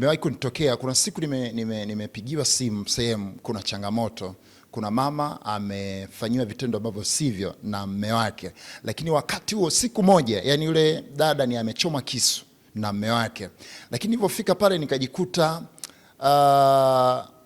imewahi kunitokea. Kuna siku nimepigiwa nime, nime simu sehemu, kuna changamoto, kuna mama amefanyiwa vitendo ambavyo sivyo na mme wake, lakini wakati huo siku moja, yani yule dada ni amechoma kisu na mme wake, lakini nilipofika pale nikajikuta uh,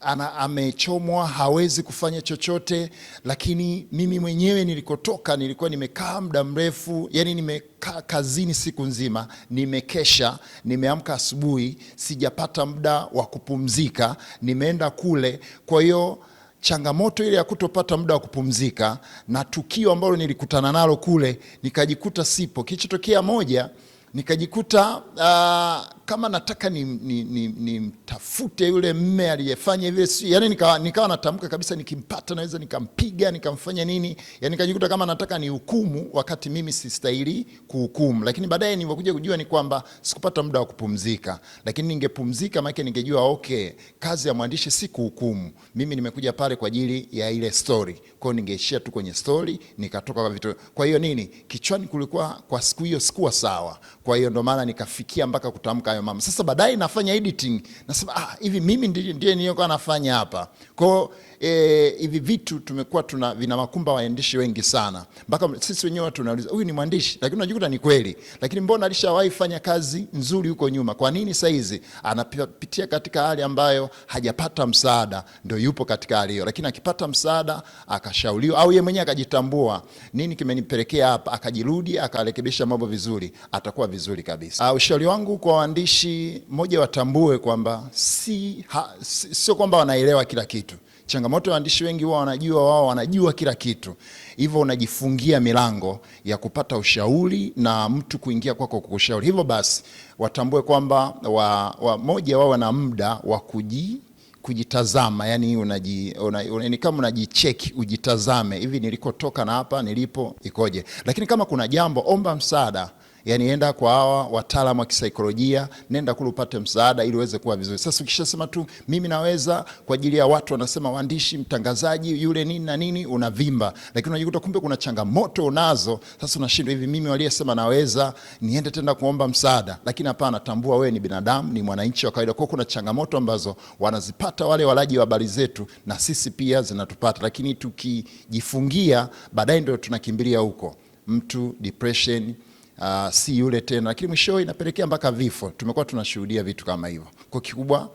ana, amechomwa hawezi kufanya chochote, lakini mimi mwenyewe nilikotoka nilikuwa nimekaa muda mrefu, yani nimekaa kazini siku nzima, nimekesha, nimeamka asubuhi, sijapata muda wa kupumzika, nimeenda kule. Kwa hiyo changamoto ile ya kutopata muda wa kupumzika na tukio ambalo nilikutana nalo kule, nikajikuta sipo. Kilichotokea moja, nikajikuta uh, kama nataka nimtafute ni, ni, ni yule mme aliyefanya hivi si, yani nikawa nika natamka kabisa, nikimpata naweza nikampiga nikamfanya nini, yani nikajikuta kama nataka ni hukumu wakati mimi sistahili kuhukumu. Lakini baadaye nilikuja kujua ni kwamba sikupata muda wa kupumzika, lakini ningepumzika maana ningejua okay, kazi ya mwandishi si kuhukumu, mimi nimekuja pale kwa ajili ya ile story. Kwa hiyo ningeishia tu kwenye story nikatoka kwa vitu. Kwa hiyo nini, kichwani kulikuwa kwa siku hiyo sikuwa sawa, kwa hiyo ndo maana nikafikia mpaka kutamka hayo mama. Sasa baadaye nafanya editing, nasema ah, hivi mimi ndiye ndiye niliyokuwa nafanya hapa. Kwa eh, hivi e, vitu tumekuwa tuna vina makumba waandishi wengi sana, mpaka sisi wenyewe tunauliza huyu ni mwandishi, lakini unajikuta ni kweli, lakini mbona alishawahi fanya kazi nzuri huko nyuma? Kwa nini sasa hizi anapitia katika hali ambayo hajapata msaada, ndio yupo katika hali hiyo? Lakini akipata msaada, akashauriwa au yeye mwenyewe akajitambua, nini kimenipelekea hapa, akajirudi akarekebisha mambo vizuri, atakuwa vizuri kabisa. Ah, ushauri wangu kwa waandishi watumishi moja watambue kwamba si, si, sio kwamba wanaelewa kila kitu. Changamoto ya waandishi wengi huwa wanajua wao wanajua kila kitu, hivyo unajifungia milango ya kupata ushauri na mtu kuingia kwako kukushauri. Hivyo basi watambue kwamba wa, wa, moja wao na muda wa kuji kujitazama yani, unaji, una, una, ni kama unajicheki ujitazame, hivi nilikotoka na hapa nilipo ikoje. Lakini kama kuna jambo, omba msaada yani enda kwa hawa wataalamu wa kisaikolojia, nenda kule upate msaada ili uweze kuwa vizuri. Sasa ukishasema tu mimi naweza, kwa ajili ya watu wanasema waandishi, mtangazaji yule nini na nini, unavimba, lakini unajikuta kumbe kuna changamoto unazo. Sasa unashindwa hivi, mimi waliyesema naweza niende tena kuomba msaada? Lakini hapana, tambua wewe ni binadamu, ni mwananchi wa kawaida, kwa kuna changamoto ambazo wanazipata wale walaji wa habari zetu, na sisi pia zinatupata, lakini tukijifungia, baadaye ndio tunakimbilia huko mtu depression uh, si yule tena, lakini mwishowe inapelekea mpaka vifo. Tumekuwa tunashuhudia vitu kama hivyo. Kwa kikubwa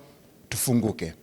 tufunguke.